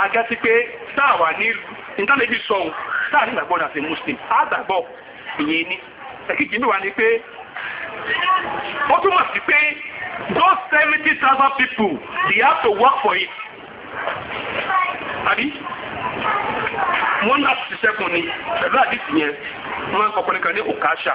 ajá sí pé sáàwà ní ìtàlẹ́bí sọ̀hún sáà ní ìgbàgbọ́ náà sí muslim àgbàgbọ́ ìyẹn ni ẹ̀kíkì ní wà ní pé ó túmọ̀ sí pé those seventy thousand people they have to work for it àbí wọ́n náà ti ṣiṣẹ́ fún ni pẹ̀lú àdìsí yẹn wọ́n ń kọ́kọ́ nìkan ní òkàṣà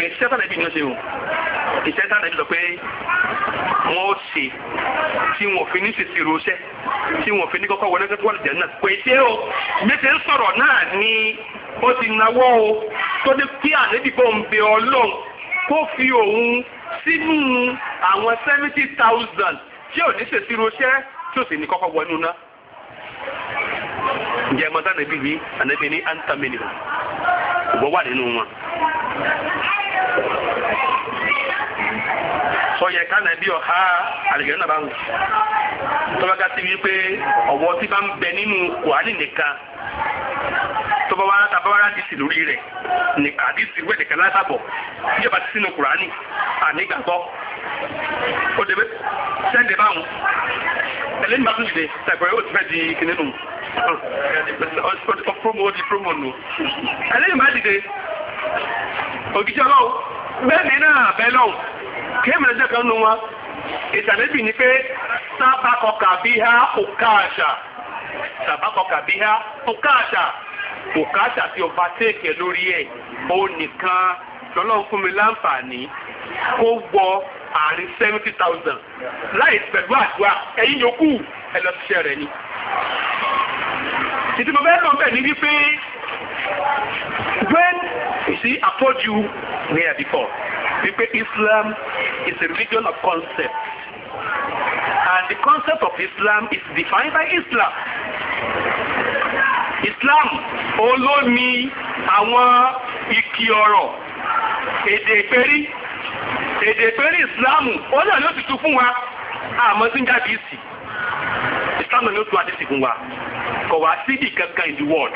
kì í ṣe sátán ẹbí ni ó ṣe o ìṣe sátán ẹbí sọ pé wọn ó ṣe tí wọn fi ní ṣèṣì roṣẹ tí wọn fi ní kọ́kọ́ wọlé kẹtù wọlé jẹ náà kò ṣe o méṣe ń sọ̀rọ̀ náà ni ó ti nawọ́ o tó dé kí àlébì kó ń bẹ Ọlọ́run kó fi òun sínú àwọn seventy thousand tí ò ní ṣèṣì roṣẹ tí ò sì ní kọ́kọ́ wọnú náà ǹjẹ́ mọ́tà nàbí wí ànábì ní antamini wọ́n wà nínú wọn sọyẹ kánà bí ọha àlejò náà bá ń tọ́bákà sí wípé ọ̀wọ́ tí bá ń bẹ nínú kùhání nìkan tọ́ba wa tàbá wa rántí sí lórí rẹ̀ ní àdísì wẹ̀ nìkan látàbọ̀ ìjọba ti sínú kùránì ànígbàgbọ́ ó débẹ̀ sẹ́ndẹ̀ báwọn ẹlẹ́ni bá tún ṣe tàgbẹ̀rẹ̀ ó ti fẹ́ di kìnnìún ọ̀pọ̀lọpọ̀ di promo nù ẹlẹ́ni bá dìde òjíṣẹ́ ọlọ́run bẹ́ẹ̀ni náà bẹ́ẹ̀ lọ́run kéèmìnà jẹ́ kan nù wọn ìtàlẹ́bì ni pé sábàkọkà bí há òkáàṣà sábàkọkà bí há òkáàṣà òkáàṣà tí ọba tẹ́ẹ̀kẹ́ lórí ẹ̀ ó nìkan lọ́lọ́run fún mi láǹfààní kó wọ àárín seventy thousand láì pẹ̀lú àdúrà ẹ̀yìn yòókù ẹ lọ ṣiṣẹ́ rẹ̀ ni. ìdìbò bẹ́ẹ̀ lọ bẹ́ẹ̀ ni wípé when See, I told you near before, wípé Islam is a religion of concept. And the concept of Islam is defined by Islam. Islam olómi àwọn ìkì ọ̀rọ̀ èdè ìpérí èdè ìpérí ìsìláàmù ó náà ni ó ti tu fún wa àmọ́ tí ń jáde ìsì ìsìláàmù ni ó tu àdìsí fún wa kò wá síbì kankan in the world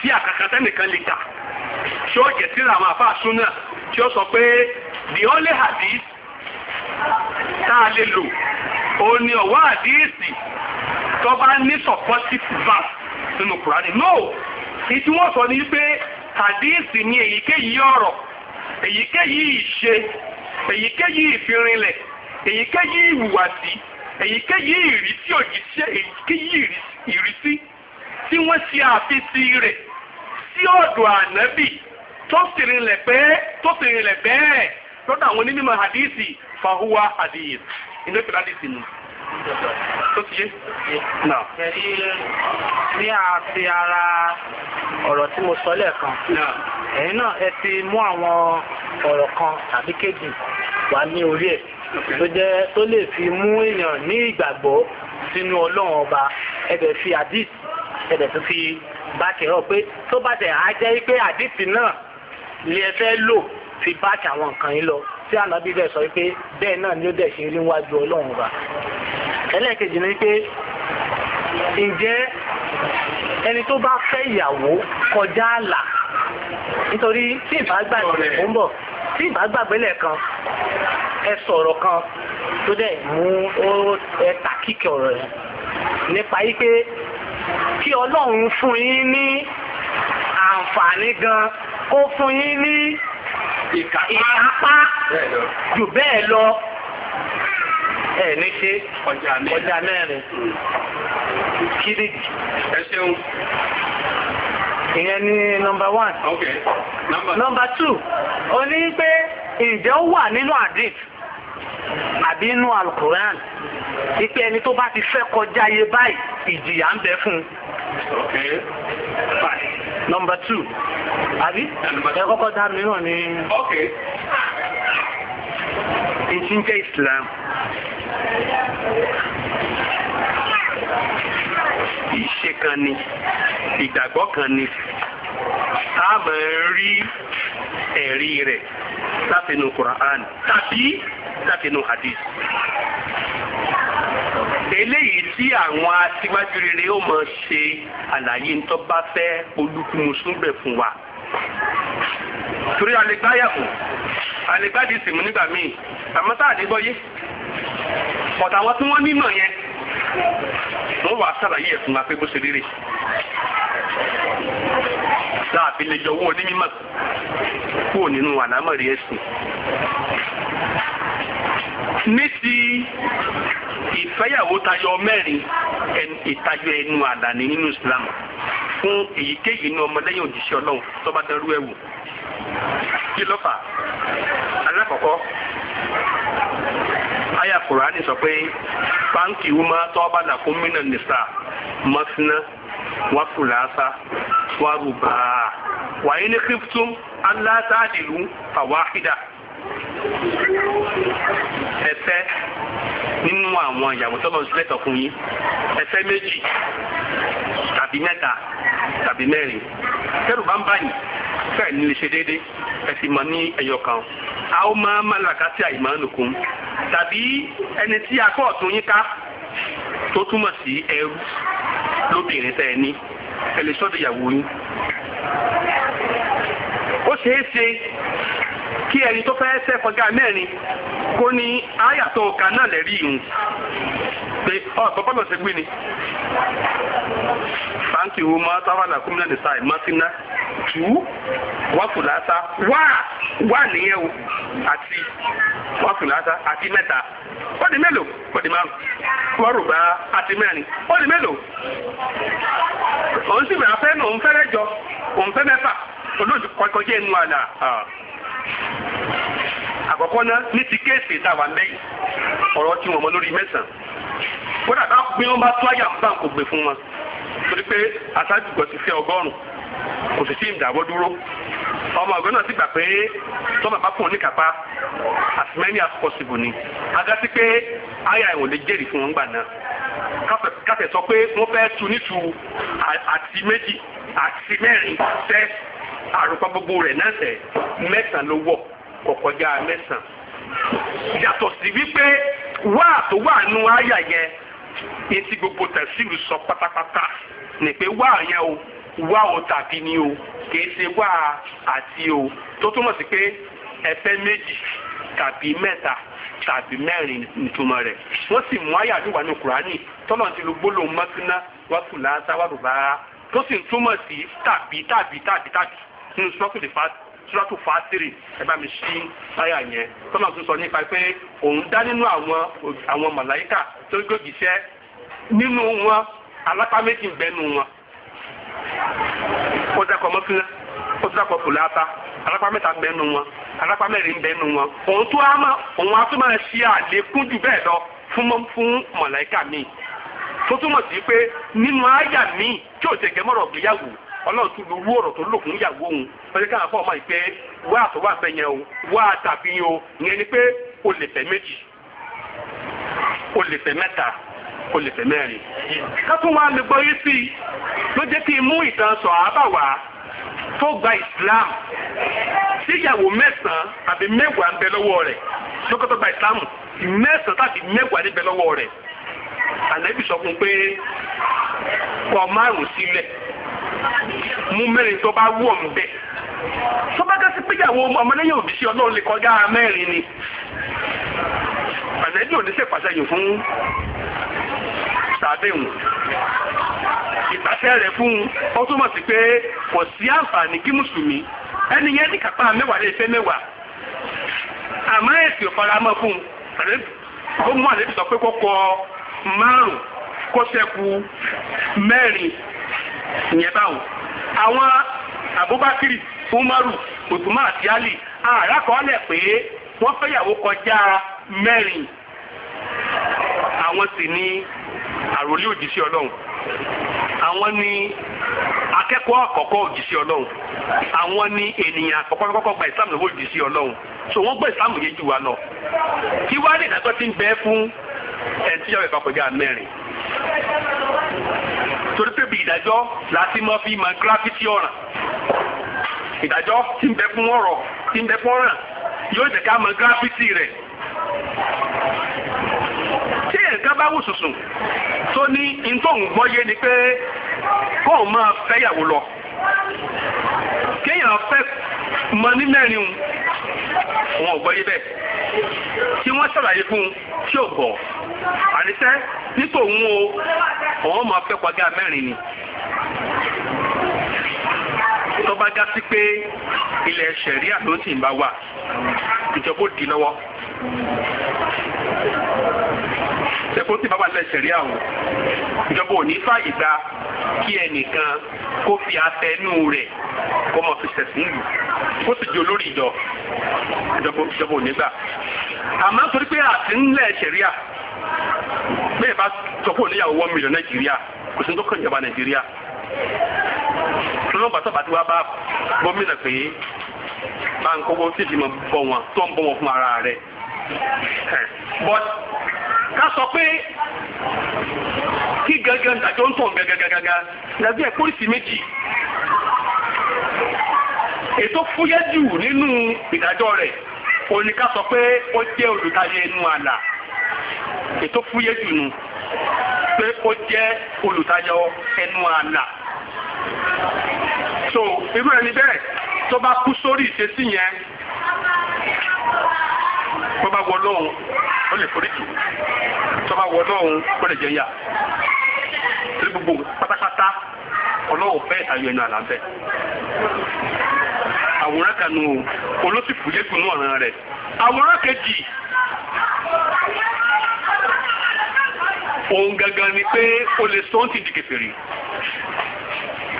tí àkàkà sẹ́nìkan lè ta. tí ó jẹ́ síra àwọn àfáà súnà tí ó sọ pé the only hadith tá lè lò òun ni ọ̀wọ́ àdíìsì tó bá ní supportive verse nínú Kùránì no ìtí wọ́n sọ ní pé àdíìsì ni èyíkéyìí ọ̀rọ̀ èyíkéyìí ìṣe èyíkéyìí ìfirinlẹ̀ èyíkéyìí ìwùwàsí èyíkéyìí ìrísí òjíṣẹ́ èyíkéyìí ìrísí tí wọ́n ṣe àfisí rẹ̀ sí ọ̀dọ̀ ànábì tó sì rinlẹ̀ pé tó sì rinlẹ̀ bẹ́ẹ̀ lọ́dọ̀ àwọn onímọ̀ hadisi fahuwa hadith inú ìpínlẹ̀ hadisi ni tó ti yé náà. ẹ̀rí ní àti ara ọ̀rọ̀ tí mo sọ lẹ́ẹ̀kan ẹ̀yin náà ẹ ti mú àwọn ọ̀rọ̀ kan tàbí kejì wá ní orí ẹ̀ tó jẹ́ tó lè fi mú èèyàn ní ìgbàgbọ́ sínú ọlọ́run ọba ẹ fi hadith ẹ̀dẹ̀ tó fi báàkì rọ̀ pé tó bá tẹ̀ á jẹ́ pé àdìsí náà lè ẹ fẹ́ lò fi báàkì àwọn nǹkan yìí lọ tí ànábì dẹ̀ sọ pé bẹ́ẹ̀ náà ni ó dẹ̀ ṣe rí wájú ọlọ́run bá ẹlẹ́ẹ̀kejì ni pé ǹjẹ́ ẹni tó bá fẹ́ ìyàwó kọjá àlà nítorí tí ìbá gbàgbé ó ń bọ̀ tí ìbá gbàgbé lẹ́ẹ̀kan ẹ sọ̀rọ̀ kan tó dẹ̀ mú ẹ tàkìkì ọ̀rọ̀ yẹn nípa yí pé kí ọlọ́run fún yín ní àǹfààní gan kó fún yín ní ìkápá jù bẹ́ẹ̀ lọ ẹ̀ ní ṣe ọjà mẹ́rin kíríkì. ẹ ìyẹn ni nọmba one. okay nọmba two o ní pé ǹjẹ́ ó wà nínú hadith àbí inú alukoran ipe ẹni tó bá ti fẹ́ kọjá iye báyìí ìjìyà ń bẹ fún nọmba tù àbí ẹ kọ́kọ́ dá mìíràn ní ìjíǹjẹ́ Islam ìṣe kan ni ìgbàgbọ́ kan ni a máa rí ẹ̀rí rẹ̀ látinú Quran tàbí látinú hadith eléyìí tí àwọn aṣíwájú rere ó mọ ṣe àlàyé ńtọ́ bá fẹ́ olúkúmusúnbẹ̀ fún wa torí alegbáyàwó alegbádìsì mú nígbà míì àmọ́ tá àdégbọ́yé ọ̀tàwọn tí wọ́n nímọ̀ yẹn wọ́n wà sàlàyé ẹ̀fún wa pé bó ṣe rere láàfin lè jọ owó onímọ̀ kúrò nínú àlámọ̀rí ẹ̀sìn ní ti ìfẹ́yàwó tayọ mẹ́rin ìtajọ ẹnu àdáni nínú Islam fún èyíkéyìí inú ọmọlẹ́yìn òjíṣẹ́ Ọlọ́run tó bá ẹ̀wù kí ló fà alákọ̀ọ́kọ́ aya Kùránì sọ pé báńkì wúmọ́ tó bá fún mínà nìsà mọ́síná wàyí nínú àwọn ìyàwó tọ́lọ̀ ń sílẹ̀ tọkùn yín ẹ fẹ́ méjì tàbí mẹ́ta tàbí mẹ́rin tẹ́rù bá ń báyìí fẹ́ẹ̀ ní lè ṣe déédéé ẹ sì mọ̀ ní ẹyọ kan a ó máa má làkàtì àìmánukùn tàbí ẹni tí akọ́ ọ̀tún yín ká tó túmọ̀ sí ẹrú lóbìnrin tẹ́ ní ẹ lè sọ́dọ̀ ìyàwó yín ó ṣeé ṣe kí ẹni tó fẹ́ ṣẹ́ kọjá mẹ́rin kó ní àyàtọ̀ ọ̀kà náà lẹ́rí ìhun pé ọ̀tọ̀ bọ́lọ̀ ṣe gbé ni báńkì wo máa tábàlà nìta ìmọ́síná tù o àti àti mẹ́ta ó di mélòó ó di márùn wọ́rùbá àti mẹ́rin ó di mélòó òun sì bẹ̀rẹ̀ fẹ́ nù òun fẹ́rẹ́ jọ òun àkọ́kọ́ náà ní ti kéèsì ìtawà mẹ́yìn ọ̀rọ̀ tí wọ́n mọ lórí mẹ́sàn-án kódà bá pín wọn bá tún àyà ń bá kò gbé fún wọn torí pé aṣáájú gbọ́ ti fẹ́ ọgọ́rùn-ún kò sì sí ìdàwọ́ dúró ọmọ ọ̀gbẹ́ náà sì gbà pé tọ́mà bá fún oníkàpá as many as possible ni aga sí pé àyà ìwọ̀n lè jẹ́rìí fún wọn gbà náà káfẹ́ sọ pé wọ́n fẹ́ tu nítu àti méjì àti mẹ́rin sẹ́ àrùkọ gbogbo rẹ̀ náà sẹ́ mẹ́sàn-án ló wọ̀ kò kọjá mẹ́sàn-án yàtọ̀ sí wípé wá tó wà nù àyà yẹn etí gbogbo tẹ̀síìlù sọ pátápátá ní pé wá yẹn o wá o tàbí ni o kìí ṣe wá àti o tó túmọ̀ sí pé ẹ̀fẹ́ méjì tàbí mẹ́ta tàbí mẹ́rin ìtumọ̀ rẹ̀ wọ́n sì mú àyà àdúgbò ní kùránì tọ́lọ̀ ti lu gbólóhùn mọ́kínná wákù láńsá wàlúbára tó sì túmọ̀ sí tàbí tàbí tàbí tàbí nínú sọ́kùnrin fásitì. sùràtù fàátìrì siri bá mi ṣí táyà yẹn tọ́lá tó sọ nípa pé òun dá nínú àwọn àwọn màláyíkà tó nínú wọn alápá méjì ń bẹnu wọn ó dákọ̀ ó dákọ̀ fòláta alápá mẹ́ta ń bẹnu wọn alápá mẹ́rin lọ fún màláyíkà míì tó túmọ̀ sí pé nínú àyà míì tí ò tẹ̀gẹ́ ọlọ́run tún lu owó ọ̀rọ̀ tó lò fún ìyàwó òun pẹ̀lú káwọn fọ́ ọmọ ìpè wá àtọ́wọ́ àfẹ́yẹn o wá àtàfihàn o ìyẹn ni pé o lè fẹ́ méjì o lè fẹ́ mẹ́ta o lè fẹ́ mẹ́rin. ká tún wá lè gbọ́yé sí i ló jẹ́ kí n mú ìtàn sọ àbá tó gba Islam síyàwó mẹ́sàn-án àbí mẹ́wàá ń bẹ lọ́wọ́ rẹ̀ lókòtò gba Islam mẹ́sàn-án tàbí mẹ́wàá ń bẹ lọ́wọ́ rẹ̀ ànábì sọ fún pé kọ márùn sílẹ̀ mú mẹ́rin tó bá wù ọ̀hún bẹ́ẹ̀ tó bá gẹ́sí péyàwó ọmọlẹ́yìn òbí sí ọlọ́run lè kọjá mẹ́rin ni pàṣẹ́jì ò ní ṣe pàṣẹyìn fún sàbẹ̀wò ìpàṣẹ rẹ̀ fún ó túmọ̀ sí pé kò sí àǹfààní kí mùsùlùmí ẹni yẹn ní kápá mẹ́wàá lè fẹ́ mẹ́wàá àmọ́ ẹ̀sìn ìfaramọ́ fún ó mú àlébìsọ pé kó kọ márùn-ún kó ṣẹ́kù mẹ́rin ìyẹn báwọn àwọn Abubakar Umaru Uthman àti Ali àràkọọ́lẹ̀ pé wọ́n fẹ́yàwó kọjá mẹ́rin àwọn sì ní àròlé òjíṣẹ́ Ọlọ́run àwọn ní akẹ́kọ̀ọ́ àkọ́kọ́ òjíṣẹ́ Ọlọ́run àwọn ní ènìyàn àkọ́kọ́ kọ́kọ́ gba ìsàmù lọ́wọ́ òjíṣẹ́ Ọlọ́run so wọ́n gbọ́ ìsàmù yẹn jù wá lọ kí wá lè dàgbọ́ tí ń bẹ fún ẹ̀ tí yọ̀wẹ̀ papọ̀ gà mẹ́rin torí pé bí ìdájọ́ láti mọ́ fi mọ gírafítì ọ̀ràn ìdájọ́ tí ń bẹ fún ọ̀rọ̀ tí ń bẹ fún ọ̀ràn yóò jẹ́ ká mọ gírafítì rẹ̀ tí ẹ̀ka bá wù sùsùn tó ní ntóhùn gbọ́yé ni pé kóun máa fẹ́yàwó lọ kéèyàn fẹ́ mọ ní mẹ́rin wọn gbọ́ yé bẹ́ẹ̀ tí wọ́n ṣàlàyé fún tí ò gbọ́ àníṣẹ́ nítòun o òun máa fẹ́ pàgá mẹ́rin ni tó bá já sí pé ilẹ̀ ṣẹ̀ríà ló sì ń bá wà ìjọba ó dì lọ́wọ́ kó sì bá wà lẹ́sẹ̀ rí àwọn ìjọba ò ní fàyè gba kí ẹnìkan kó fi afẹnú rẹ̀ kó mọ fi ṣẹ̀sìn lù kó sì di olórí ìjọ ìjọba ò ní gbà àmọ́ torí pé àti ńlẹ̀ ṣẹ̀ríà bẹ́ẹ̀ bá sọ́kò níyàwó one million nàìjíríà kò sí ní tó kàn ìjọba nàìjíríà lọ́nà gbàtọ́ bàtí wàá bá gómìnà pé bá ń kọ́kọ́ sí ìdìmọ̀ bọ̀ wọn tó ń bọ̀ wọn fún ara rẹ̀ but ká sọ pé kí gangan tàjọ ń tàn gagagaga lábẹ́ pólísì méjì ètò fúyẹ́ jù nínú ìdájọ́ rẹ̀ òní ká sọ pé ó jẹ́ olùtayé ẹnu àlà ètò fúyẹ́ jù nù pé ó jẹ́ olùtayọ ẹnu àlà so irú ẹni bẹ́ẹ̀ tó bá kú sórí ìṣesí yẹn tó bá wọ lọ́hùn ó lè forí jù tó bá wọ lọ́hùn ó lè jẹ yà torí gbogbo pátápátá ọlọ́wọ́ fẹ́ ìtayọ ẹnu àlàfẹ́ àwòrán kanu olóṣìkú yẹ́kùn náà ràn rẹ̀ àwòrán kejì òun gangan ni pé o lè sọ ti di kèfèrí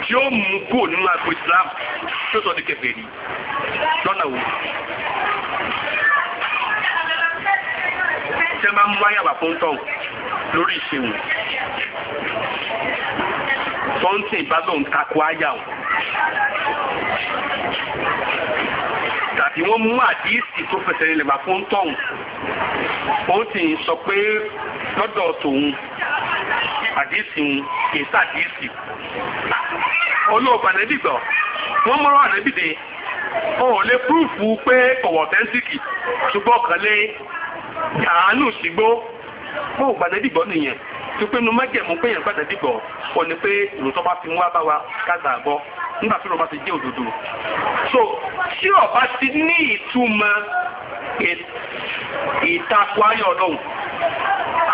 tí ó mú kúrò nínú àgbo Islam tó sọ di kèfèrí lọ́nà wo tí wọ́n bá mú wáyàwá fún tọ̀ lórí ìṣèwọ̀n tọ́ǹtì ìbálò ń takò áyà o tàbí wọ́n mú àdíìsì tó fẹsẹ̀ nílẹ̀ wá fún tọ̀hún òun sì ń sọ pé lọ́dọ̀ tòun àdíìsì ń kìí sàdíìsì olóògbà nẹ́bí gbọ́ wọ́n mọ́rọ́ ànẹ́bí de òun lè pé ọ̀wọ̀ tẹ́ńsìkì ṣùgbọ́n kan lé àánú sígbó mo ò gbàdé dìgbọ́ nìyẹn tó pé nu mẹ́jẹ̀mú pé yẹn gbàdé dìgbọ́ wọ́n ni pé òrùtọ́ bá fi wá bá wa káza àgbọ́ nígbà tó bá ti jẹ́ òdodo so tí ọba ti ní ìtumọ̀ ìtakò ayọ̀ ọlọ́run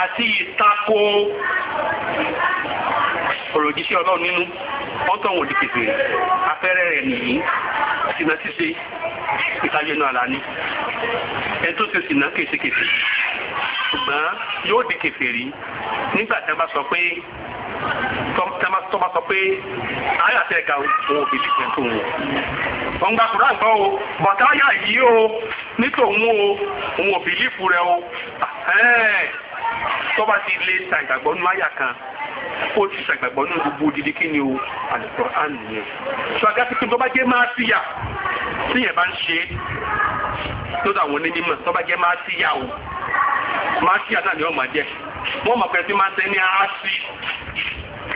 àti ìtakò ọ̀rọ̀ òjíṣẹ́ ọlọ́run nínú ọ̀tọ̀ òdìkèdè afẹ́rẹ́ rẹ̀ nìyí sínà ṣíṣe ìtajẹ́ inú ara ní ẹni tó ti sìnà kèsì kèsì ṣùgbọ́n yóò di kèfèrí nígbà tí wọ́n bá sọ pé tọ́ bá sọ pé ayé àti ẹ̀ka òun òbí ti pẹ̀lú òun wọ́n gba kúrò àgbọ̀ o bọ̀tá ayà yìí o nítòun o òun òbí lífù rẹ o tọ́ bá ti lé ta ìgbàgbọ́ nínú ayà kan ó ti ṣàgbàgbọ́ nínú gbogbo odidi kí ni o àlùkò ànìyàn ṣùgbọ́n àti kí n tó bá jẹ́ máa ti yà tí yẹn bá ń ṣe lọ́dọ̀ àwọn onímọ̀ tó bá jẹ́ máa sí yà o máa sí àtàlẹ́ ọmọ jẹ́ wọ́n mọ̀ pé tí máa tẹ́ ní á sí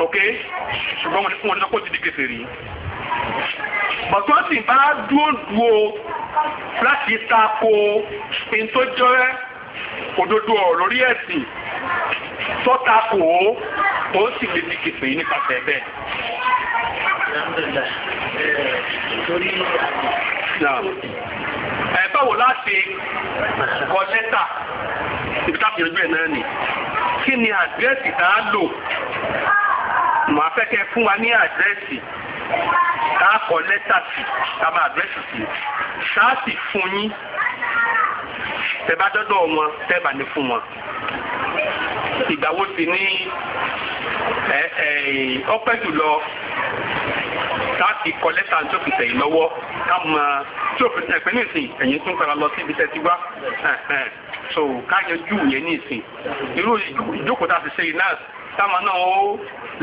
ok ṣùgbọ́n wọn wọn lọ́kọ́ ti di gbèsè rí bọ̀tún sì bá dúó dúó láti tako in tó jẹ́ òdodo ọ̀ lórí ẹ̀sìn tó tako ó ó sì lè di gbèsè yìí nípasẹ̀ bẹ́ẹ̀ torí ẹ báwo láti kọ lẹ́tà ibi táfi ẹgbẹ́ náà nì kí ni àdírẹ́sì tá a lò màá fẹ́ kẹ́ fún wa ní àdírẹ́sì tá a kọ lẹ́tà sí tá a máa àdírẹ́sì sí ṣáàtì fún yín tẹ́ bá dọ́dọ̀ wọn tẹ́ bá ní fún wọn ìgbàwo sì ní ọpẹ́ jùlọ láti kọ lẹ́tà tó fi tẹ̀yìn lọ́wọ́ ká mọ tí òfin tẹ̀ pé ní ìsìn ẹ̀yìn tún fara lọ sí ibi tẹ́ ti wá so ká yanjú yẹn ní ìsìn irú ìjókòó tá a ti ṣe yìí náà táwọn náà ó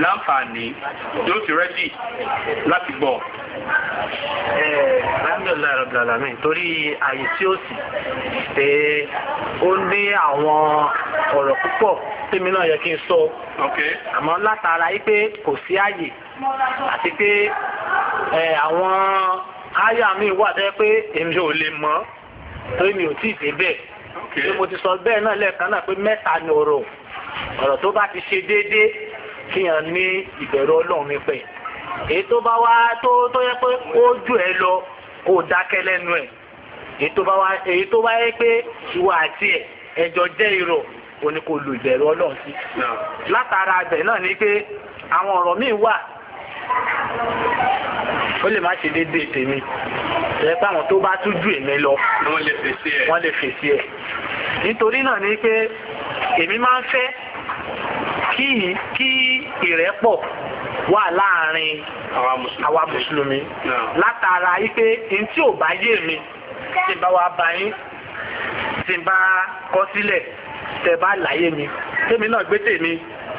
láǹfààní yóò ti rẹ́dì láti gbọ́. alhamdulilayi rabi alamin torí àyè tí ó sì pé ó ní àwọn ọ̀rọ̀ púpọ̀ tèmi náà yẹ kí n sọ àmọ́ látara yìí pé kò sí àyè àti pé àwọn àyà mi wà tẹ́ pé èmi ò lè mọ̀ torí mi ò tí ì dé bẹ́ẹ̀ ṣé mo ti sọ bẹ́ẹ̀ náà lẹ́ẹ̀kan náà pé mẹ́ta ni ọ̀rọ̀ ọ̀rọ̀ tó bá ti ṣe déédéé kíyàn ní ìbẹ̀rù ọlọ́run nípẹ̀ èyí tó bá wá tó yẹ pé ó jù ẹ lọ kó o dákẹ́ lẹ́nu ẹ̀ èyí tó bá wá èyí tó bá yẹ pé ìwà àti ẹ̀ ẹjọ́ jẹ́ irọ́ o ní kò lu ìbẹ̀rù ọlọ́run sí látara abẹ̀ náà ni pé àwọn ọ̀rọ̀ míì wà ó lè má ṣe déédéé tèmi ẹ pé àwọn tó bá tún ju èmi lọ wọ́n lè fèsì ẹ̀ nítorí náà ni pé èmi máa ń fẹ́ kí ìrẹ́pọ̀ wà láàrin àwa mùsùlùmí látara wípé n tí ò bá yé mi tí n bá wa bá yín tí n bá kọ sílẹ̀ tẹ̀ bá láyé mi tèmi náà gbé tèmi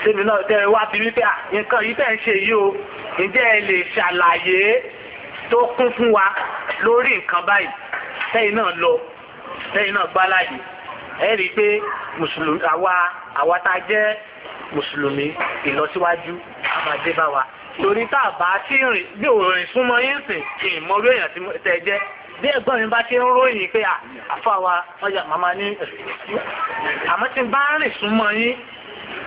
síbi náà tẹ́ wá bí wípé nǹkan yìí tẹ́ ń ṣe yìí o ǹjẹ́ ẹ lè ṣàlàyé tó kún fún wa lórí nǹkan báyìí tẹ́yìn náà lọ tẹ́yìn náà gbá láàyè ẹ rí i pé mùsùlùmí àwa àwa tá a jẹ́ mùsùlùmí ìlọsíwájú a máa dé bá wa torí tá a bá tí rìn bí òròyìn súnmọ́ yín sìn kì í mọ orí èèyàn tẹ́ jẹ́ bí ẹ̀gbọ́n mi bá ti ń ròyìn pé àfa wa wọ́n yà máma ní àmọ́ tí n bá rìn súnmọ́ yín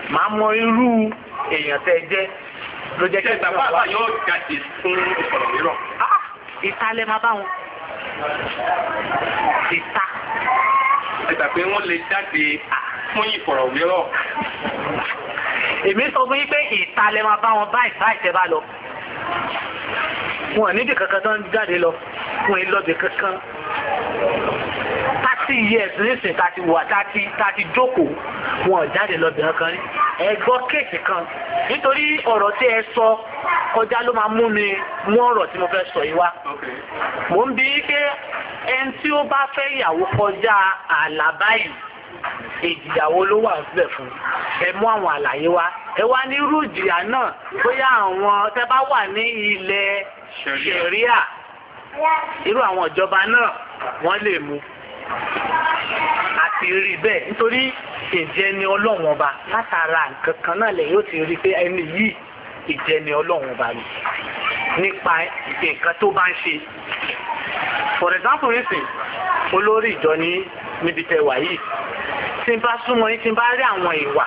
màá mọ irú èèyàn tẹ́ jẹ́ ló jẹ́ kí ẹ tàbá àbá yóò jáde fún ìsọ̀rọ̀ mìíràn. Ah, ìta lẹ máa bá wọn. ìta. ẹ gbà pé wọ́n lè jáde fún ìfọ̀rọ̀wérọ̀. èmi sọ fún yín pé ìta lẹ máa bá wọn báyìí báyìí tẹ́ bá lọ. wọn nídìí kankan tó ń jáde lọ wọn ì lọ́bì kankan thirty years nísìnyí ká ti wà ká ti jókòó wọn jáde lọ́bìnrin kan rí ẹ gbọ́ kéèsì kan nítorí ọ̀rọ̀ tí ẹ sọ kọjá ló máa mú mi mú ọ̀rọ̀ tí mo fẹ́ sọ yìí wá. mo ń bi pé ẹni tí ó bá fẹ́ ìyàwó kọjá ààlà báyìí ìjìyàwó ló wà síbẹ̀ fún ẹ mú àwọn àlàyé wá ẹ wá ní irú ìjìyà náà bóyá àwọn tẹ́ bá wà ní ilẹ̀ ṣẹ̀ríà irú àwọn ìjọba náà wọ́n lè mú àti rí bẹ́ẹ̀ nítorí ìjẹni ọlọ́run ọba látara nǹkan kan náà lẹ̀ yóò ti rí pé ẹni yìí ìjẹni ọlọ́run ọba ni nípa nǹkan tó bá ń ṣe for example nísìn olórí ìjọ ní níbi tẹwà yìí tí n bá súnmọ́ yín tí n bá rí àwọn ìwà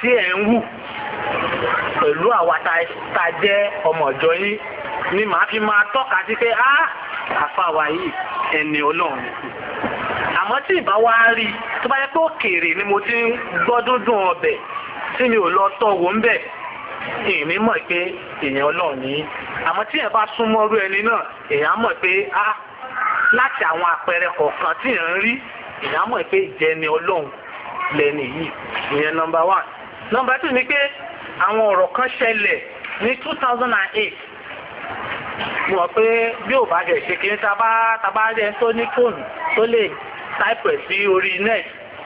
tí ẹ̀ ń wù pẹ̀lú àwa tá a jẹ́ ọmọ ìjọ yín ni màá fi máa tọ́ka sí pé á àfàwà yìí ẹni ọlọ́run àmọ́ tí ìbá wá rí tó bá yẹ pé òkèèrè ni mo ti ń gbọ́dún dùn ọbẹ̀ tí mi ò lọ tọ́ wò ń bẹ̀ èmi mọ̀ pé èèyàn ọlọ́run ni àmọ́ tí èèyàn bá súnmọ́ rú ẹni náà èèyàn mọ̀ pé á láti àwọn àpẹẹrẹ kọ̀ọ̀kan tí èèyàn ń rí èèyàn mọ̀ pé ìjẹni ọlọ́run lẹ́ni yìí ìyẹn nọmba one nọmba two ni pé àwọn ọ̀rọ̀ kan ṣẹlẹ̀ ní two thousand and eight mo mọ̀ pé bí ò bá jẹ́ ṣe kí ní tabá jẹ́ tó ní fóònù tó lè táìpẹ̀ sí orí net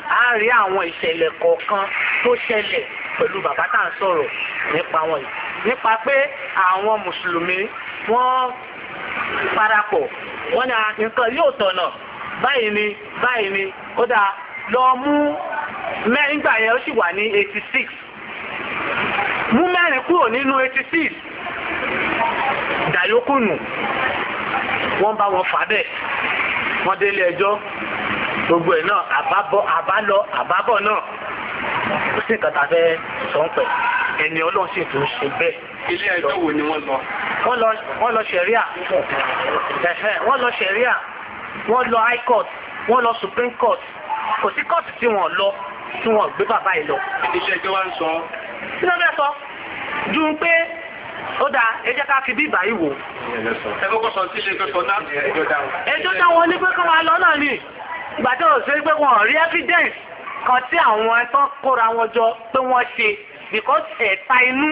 á rí àwọn ìṣẹ̀lẹ̀ kọ̀ọ̀kan tó ṣẹlẹ̀ pẹ̀lú bàbá tá à ń sọ̀rọ̀ nípa wọn yìí nípa pé àwọn mùsùlùmí wọ́n parapọ̀ wọ́n ní nǹkan yóò tọ̀nà báyìí ni báyìí ni ó dáa lọ mú mẹ́rin gbà yẹn ó sì wà ní eighty six mú mẹ́rin kúrò nínú eighty dàyókùnù wọ́n bá wọn fà bẹ́ẹ̀ wọ́n délé ẹjọ́ gbogbo ẹ̀ náà àbábọ̀ àbálọ àbábọ̀ náà ó sì kàtà fẹ́ sọ́ńpẹ̀ ẹni ọlọ́run sì tún ṣe bẹ́ẹ̀. ilé ẹjọ́ wo ni wọ́n lọ. wọ́n lọ ṣẹ̀ríà wọ́n lọ ṣẹ̀ríà wọ́n lọ high court wọ́n lọ supreme court kò sí court tí wọ́n lọ tí wọ́n gbé bàbá yìí lọ. ilé ẹjọ́ wa ń sọ. kí ló sọ ju pé ó dáa ẹjẹ́ ká fi bí ìbá ìwò ẹjọ́ táwọn ní pé kọ́ máa lọ náà ní ìgbà tí ó ṣe pé wọ́n rí evidence kan tí àwọn ẹ̀tọ́ kóra wọn jọ pé wọ́n ṣe because ẹ̀ta inú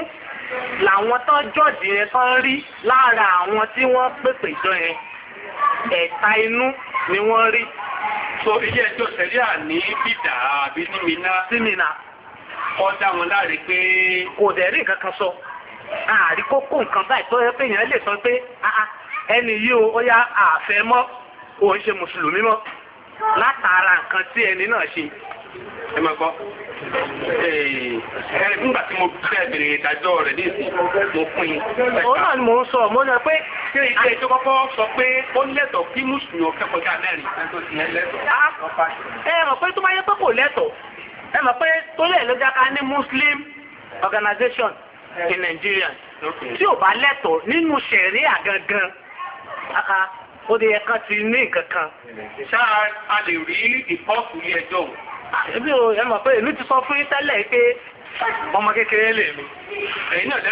làwọn tó jọ́ọ̀dì yẹn tó ń rí lára àwọn tí wọ́n pèpè jọ yẹn ẹ̀ta inú ni wọ́n rí. so ilé ẹjọ́ sẹ́ríà ní bìdà àbí ní mina. sí mina. kọ́ dá wọn láre pé. kò dẹ̀ nǹkan kan sọ. So àrí kókó nǹkan báyìí tó yẹ pé èèyàn lè sọ pé ẹni yìí ó yá àfẹ́ mọ́ òun ṣe mùsùlùmí mọ́ látara nǹkan tí ẹni náà ṣe ẹ máa gbọ́ ẹ nígbà tí mo fẹ́ bèrè ìdájọ́ rẹ̀ ní ìsìn mo pín in. òun náà ni mò ń sọ mo ní pé. ṣé ilé ẹjọ́ kọ́kọ́ sọ pé ó lẹ́tọ̀ọ́ kí mùsùlùmí ò kẹ́kọ̀ọ́ já mẹ́rin. ẹ mọ̀ pé tó máa yẹ pé kò lẹ́tọ̀ọ́ ẹ mọ̀ pé tó lẹ̀ ká ní muslim organization ní nàìjíríà tí ò bá lẹ́tọ̀ọ́ nínú ṣẹ̀ríà gangan aka ó di ẹ̀ka ti ní nǹkan kan. ṣáà a lè rí ìpọ́ọ̀kù ilé ẹjọ́ o. ẹbí o ẹ mọ̀ pé èmi ti sọ fún yín tẹ́lẹ̀ pé ọmọ kékeré lè mi.